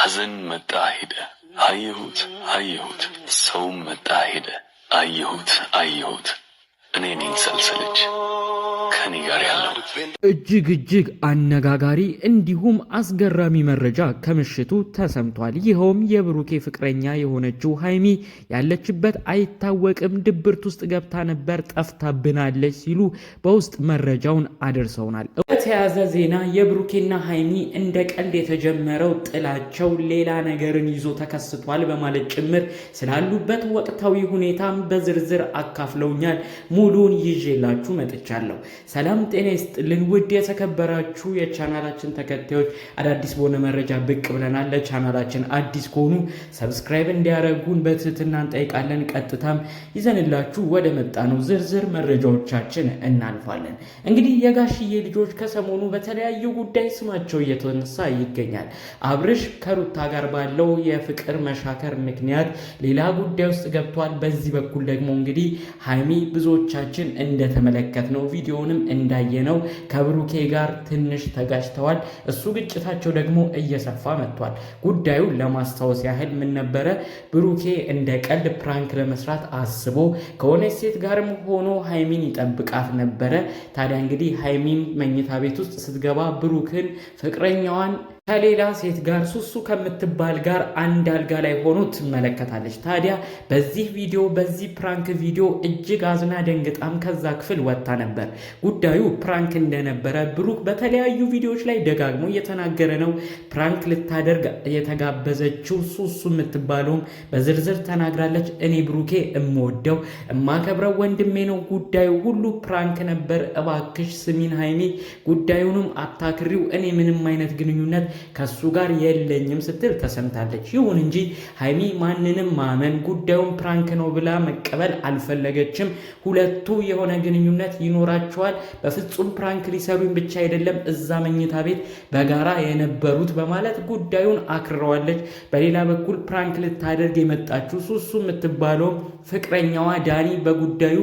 ሐዘን መጣ ሄደ አየሁት አየሁት ሰውም መጣ ሄደ አየሁት አየሁት እኔ ነኝ ሰልሰለች። ከኔ ጋር ያለው እጅግ እጅግ አነጋጋሪ እንዲሁም አስገራሚ መረጃ ከምሽቱ ተሰምቷል። ይኸውም የብሩኬ ፍቅረኛ የሆነችው ሀይሚ ያለችበት አይታወቅም፣ ድብርት ውስጥ ገብታ ነበር፣ ጠፍታብናለች ሲሉ በውስጥ መረጃውን አደርሰውናል። በተያዘ ዜና የብሩኬና ሀይሚ እንደ ቀልድ የተጀመረው ጥላቸው ሌላ ነገርን ይዞ ተከስቷል በማለት ጭምር ስላሉበት ወቅታዊ ሁኔታም በዝርዝር አካፍለውኛል። ሙሉውን ይዤላችሁ መጥቻለሁ። ሰላም ጤና ይስጥልን ውድ የተከበራችሁ የቻናላችን ተከታዮች፣ አዳዲስ በሆነ መረጃ ብቅ ብለናል። ለቻናላችን አዲስ ከሆኑ ሰብስክራይብ እንዲያደርጉን በትህትና እንጠይቃለን። ቀጥታም ይዘንላችሁ ወደ ነው ዝርዝር መረጃዎቻችን እናልፋለን። እንግዲህ የጋሽዬ ልጆች ከሰሞኑ በተለያዩ ጉዳይ ስማቸው እየተነሳ ይገኛል። አብርሽ ከሩታ ጋር ባለው የፍቅር መሻከር ምክንያት ሌላ ጉዳይ ውስጥ ገብቷል። በዚህ በኩል ደግሞ እንግዲህ ሀይሚ ብዙዎቻችን እንደተመለከት ነው ቪዲዮንም ቅድም እንዳየነው ከብሩኬ ጋር ትንሽ ተጋጭተዋል። እሱ ግጭታቸው ደግሞ እየሰፋ መጥቷል። ጉዳዩ ለማስታወስ ያህል ምን ነበረ? ብሩኬ እንደ ቀልድ ፕራንክ ለመስራት አስቦ ከሆነች ሴት ጋርም ሆኖ ሃይሚን ይጠብቃት ነበረ። ታዲያ እንግዲህ ሃይሚን መኝታ ቤት ውስጥ ስትገባ ብሩክን ፍቅረኛዋን ከሌላ ሴት ጋር ሱሱ ከምትባል ጋር አንድ አልጋ ላይ ሆኖ ትመለከታለች። ታዲያ በዚህ ቪዲዮ በዚህ ፕራንክ ቪዲዮ እጅግ አዝና ደንግጣም ከዛ ክፍል ወጥታ ነበር። ጉዳዩ ፕራንክ እንደነበረ ብሩክ በተለያዩ ቪዲዮዎች ላይ ደጋግሞ እየተናገረ ነው። ፕራንክ ልታደርግ የተጋበዘችው ሱሱ የምትባለውም በዝርዝር ተናግራለች። እኔ ብሩኬ እምወደው እማከብረው ወንድሜ ነው። ጉዳዩ ሁሉ ፕራንክ ነበር። እባክሽ ስሚን ሃይሜ፣ ጉዳዩንም አታክሪው። እኔ ምንም አይነት ግንኙነት ከሱ ጋር የለኝም ስትል ተሰምታለች። ይሁን እንጂ ሀይሚ ማንንም ማመን ጉዳዩን ፕራንክ ነው ብላ መቀበል አልፈለገችም። ሁለቱ የሆነ ግንኙነት ይኖራቸዋል። በፍጹም ፕራንክ ሊሰሩኝ ብቻ አይደለም እዛ መኝታ ቤት በጋራ የነበሩት በማለት ጉዳዩን አክረዋለች። በሌላ በኩል ፕራንክ ልታደርግ የመጣችው ሱሱ የምትባለው ፍቅረኛዋ ዳኒ በጉዳዩ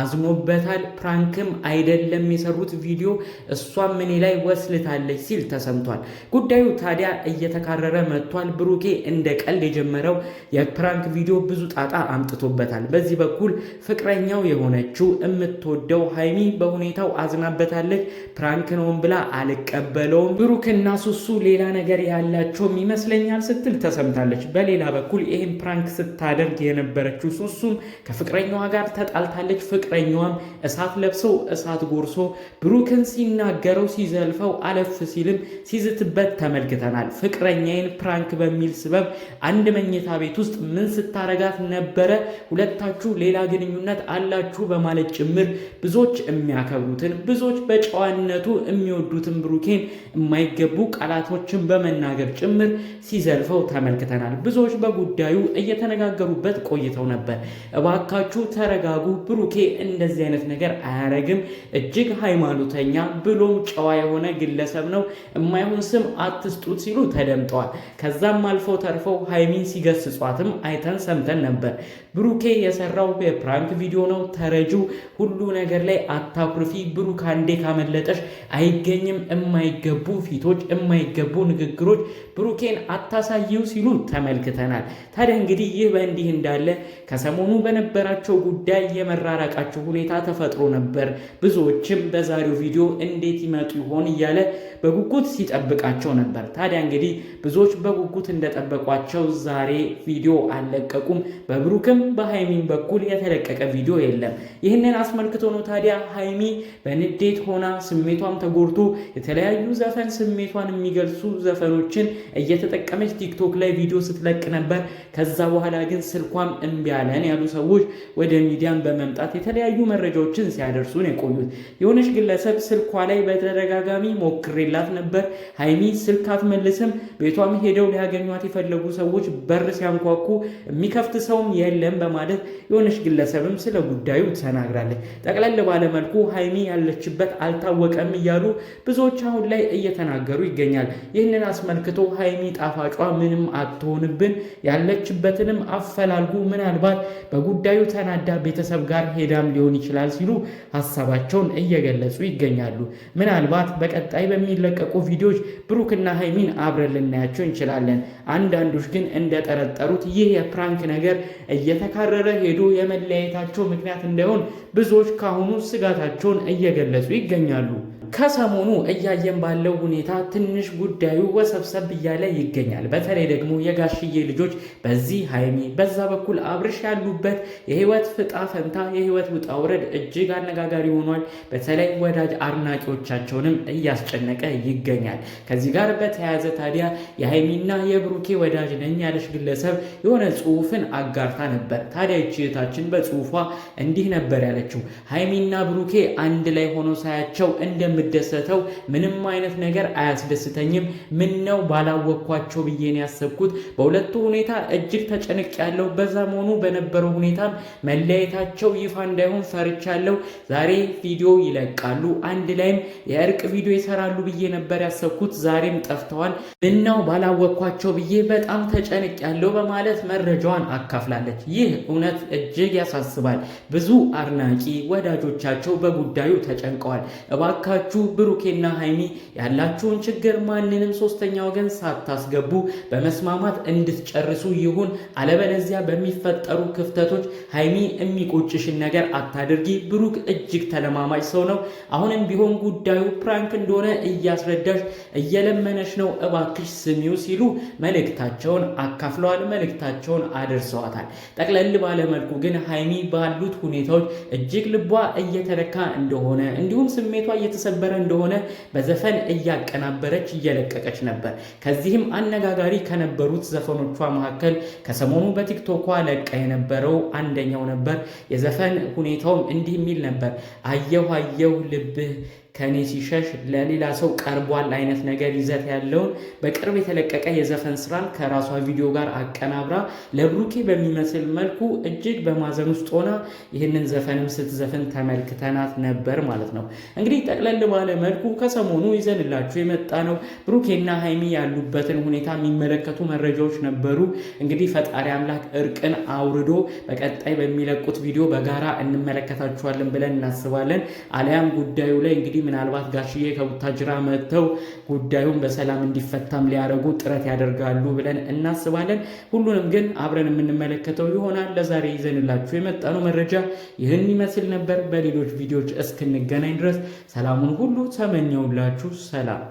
አዝኖበታል። ፕራንክም አይደለም የሰሩት ቪዲዮ እሷም እኔ ላይ ወስልታለች ሲል ተሰምቷል። ጉዳዩ ታዲያ እየተካረረ መጥቷል። ብሩኬ እንደ ቀልድ የጀመረው የፕራንክ ቪዲዮ ብዙ ጣጣ አምጥቶበታል። በዚህ በኩል ፍቅረኛው የሆነችው የምትወደው ሀይሚ በሁኔታው አዝናበታለች። ፕራንክ ነውን ብላ አልቀበለውም፣ ብሩክና ሱሱ ሌላ ነገር ያላቸውም ይመስለኛል ስትል ተሰምታለች። በሌላ በኩል ይህን ፕራንክ ስታደርግ የነበረችው ሱሱም ከፍቅረኛዋ ጋር ተጣልታለች። ፍቅረኛዋም እሳት ለብሶ እሳት ጎርሶ ብሩክን ሲናገረው ሲዘልፈው አለፍ ሲልም ሲዝትበት ተመልክተናል። ፍቅረኛዬን ፕራንክ በሚል ስበብ አንድ መኝታ ቤት ውስጥ ምን ስታረጋት ነበረ፣ ሁለታችሁ ሌላ ግንኙነት አላችሁ በማለት ጭምር ብዙዎች የሚያከብሩትን ብዙዎች በጨዋነቱ የሚወዱትን ብሩኬን የማይገቡ ቃላቶችን በመናገር ጭምር ሲዘልፈው ተመልክተናል። ብዙዎች በጉዳዩ እየተነጋገሩበት ቆይተው ነበር። እባካችሁ ተረጋጉ ብሩኬ እንደዚህ አይነት ነገር አያረግም። እጅግ ሃይማኖተኛ ብሎም ጨዋ የሆነ ግለሰብ ነው። የማይሆን ስም አትስጡት ሲሉ ተደምጠዋል። ከዛም አልፈው ተርፈው ሃይሚን ሲገስጿትም አይተን ሰምተን ነበር። ብሩኬ የሰራው የፕራንክ ቪዲዮ ነው። ተረጁ ሁሉ ነገር ላይ አታኩርፊ። ብሩክ አንዴ ካመለጠሽ አይገኝም። የማይገቡ ፊቶች፣ የማይገቡ ንግግሮች ብሩኬን አታሳየው ሲሉ ተመልክተናል። ታዲያ እንግዲህ ይህ በእንዲህ እንዳለ ከሰሞኑ በነበራቸው ጉዳይ የመራራቅ የሚያቃቸው ሁኔታ ተፈጥሮ ነበር። ብዙዎችም በዛሬው ቪዲዮ እንዴት ይመጡ ይሆን እያለ በጉጉት ሲጠብቃቸው ነበር። ታዲያ እንግዲህ ብዙዎች በጉጉት እንደጠበቋቸው ዛሬ ቪዲዮ አልለቀቁም። በብሩክም በሃይሚን በኩል የተለቀቀ ቪዲዮ የለም። ይህንን አስመልክቶ ነው ታዲያ ሃይሚ በንዴት ሆና ስሜቷም ተጎድቶ የተለያዩ ዘፈን ስሜቷን የሚገልጹ ዘፈኖችን እየተጠቀመች ቲክቶክ ላይ ቪዲዮ ስትለቅ ነበር። ከዛ በኋላ ግን ስልኳም እምቢ አለን ያሉ ሰዎች ወደ ሚዲያም በመምጣት የተለያዩ መረጃዎችን ሲያደርሱን የቆዩት። የሆነች ግለሰብ ስልኳ ላይ በተደጋጋሚ ሞክሬላት ነበር። ሀይሚ ስልክ አትመልስም። ቤቷም ሄደው ሊያገኟት የፈለጉ ሰዎች በር ሲያንኳኩ የሚከፍት ሰውም የለም በማለት የሆነች ግለሰብም ስለ ጉዳዩ ተናግራለች። ጠቅለል ባለመልኩ ሀይሚ ያለችበት አልታወቀም እያሉ ብዙዎች አሁን ላይ እየተናገሩ ይገኛል። ይህንን አስመልክቶ ሀይሚ ጣፋጯ ምንም አትሆንብን ያለችበትንም አፈላልጉ ምናልባት በጉዳዩ ተናዳ ቤተሰብ ጋር ሄደ ፋይዳም ሊሆን ይችላል ሲሉ ሀሳባቸውን እየገለጹ ይገኛሉ። ምናልባት በቀጣይ በሚለቀቁ ቪዲዮዎች ብሩክና ሀይሚን አብረን ልናያቸው እንችላለን። አንዳንዶች ግን እንደጠረጠሩት ይህ የፕራንክ ነገር እየተካረረ ሄዶ የመለያየታቸው ምክንያት እንዳይሆን ብዙዎች ከአሁኑ ስጋታቸውን እየገለጹ ይገኛሉ። ከሰሞኑ እያየን ባለው ሁኔታ ትንሽ ጉዳዩ ወሰብሰብ እያለ ይገኛል። በተለይ ደግሞ የጋሽዬ ልጆች በዚህ ሀይሚ በዛ በኩል አብርሽ ያሉበት የህይወት ፍጣ ፈንታ የህይወት ውጣ ውረድ እጅግ አነጋጋሪ ሆኗል። በተለይ ወዳጅ አድናቂዎቻቸውንም እያስጨነቀ ይገኛል። ከዚህ ጋር በተያያዘ ታዲያ የሀይሚና የብሩኬ ወዳጅ ነኝ ያለሽ ግለሰብ የሆነ ጽሁፍን አጋርታ ነበር። ታዲያ ይቺ በጽሁፏ እንዲህ ነበር ያለችው ሀይሚና ብሩኬ አንድ ላይ ሆኖ ሳያቸው እንደም የምደሰተው፣ ምንም አይነት ነገር አያስደስተኝም። ምን ነው ባላወቅኳቸው ብዬ ነው ያሰብኩት። በሁለቱ ሁኔታ እጅግ ተጨንቅ ያለው በዛ መሆኑ በነበረው ሁኔታም መለያየታቸው ይፋ እንዳይሆን ፈርቻለሁ። ዛሬ ቪዲዮ ይለቃሉ፣ አንድ ላይም የእርቅ ቪዲዮ ይሰራሉ ብዬ ነበር ያሰብኩት። ዛሬም ጠፍተዋል። ምን ነው ባላወቅኳቸው ብዬ በጣም ተጨንቅ ያለው በማለት መረጃዋን አካፍላለች። ይህ እውነት እጅግ ያሳስባል። ብዙ አድናቂ ወዳጆቻቸው በጉዳዩ ተጨንቀዋል። እባካ ያላችሁ ብሩኬና ሀይሚ ያላችሁን ችግር ማንንም ሶስተኛ ወገን ሳታስገቡ በመስማማት እንድትጨርሱ ይሁን። አለበለዚያ በሚፈጠሩ ክፍተቶች ሀይሚ የሚቆጭሽን ነገር አታድርጊ። ብሩክ እጅግ ተለማማጭ ሰው ነው። አሁንም ቢሆን ጉዳዩ ፕራንክ እንደሆነ እያስረዳሽ እየለመነሽ ነው፣ እባክሽ ስሚው ሲሉ መልእክታቸውን አካፍለዋል፣ መልእክታቸውን አድርሰዋታል ጠቅለል ባለመልኩ ግን ሀይሚ ባሉት ሁኔታዎች እጅግ ልቧ እየተነካ እንደሆነ እንዲሁም ስሜቷ እየተሰ እየሰበረ እንደሆነ በዘፈን እያቀናበረች እየለቀቀች ነበር። ከዚህም አነጋጋሪ ከነበሩት ዘፈኖቿ መካከል ከሰሞኑ በቲክቶኳ ለቃ የነበረው አንደኛው ነበር። የዘፈን ሁኔታውም እንዲህ የሚል ነበር። አየሁ አየሁ ልብህ ከእኔ ሲሸሽ ለሌላ ሰው ቀርቧል አይነት ነገር ይዘት ያለውን በቅርብ የተለቀቀ የዘፈን ስራን ከራሷ ቪዲዮ ጋር አቀናብራ ለብሩኬ በሚመስል መልኩ እጅግ በማዘን ውስጥ ሆና ይህንን ዘፈንም ስትዘፍን ተመልክተናት ነበር ማለት ነው። እንግዲህ ጠቅለል ባለ መልኩ ከሰሞኑ ይዘንላችሁ የመጣ ነው ብሩኬና ሀይሚ ያሉበትን ሁኔታ የሚመለከቱ መረጃዎች ነበሩ። እንግዲህ ፈጣሪ አምላክ እርቅን አውርዶ በቀጣይ በሚለቁት ቪዲዮ በጋራ እንመለከታችኋለን ብለን እናስባለን። አሊያም ጉዳዩ ላይ እንግዲህ ምናልባት ጋሽዬ ከቡታጅራ መጥተው ጉዳዩን በሰላም እንዲፈታም ሊያደርጉ ጥረት ያደርጋሉ ብለን እናስባለን። ሁሉንም ግን አብረን የምንመለከተው ይሆናል። ለዛሬ ይዘንላችሁ የመጣነው መረጃ ይህን ይመስል ነበር። በሌሎች ቪዲዮዎች እስክንገናኝ ድረስ ሰላሙን ሁሉ ተመኘውላችሁ። ሰላም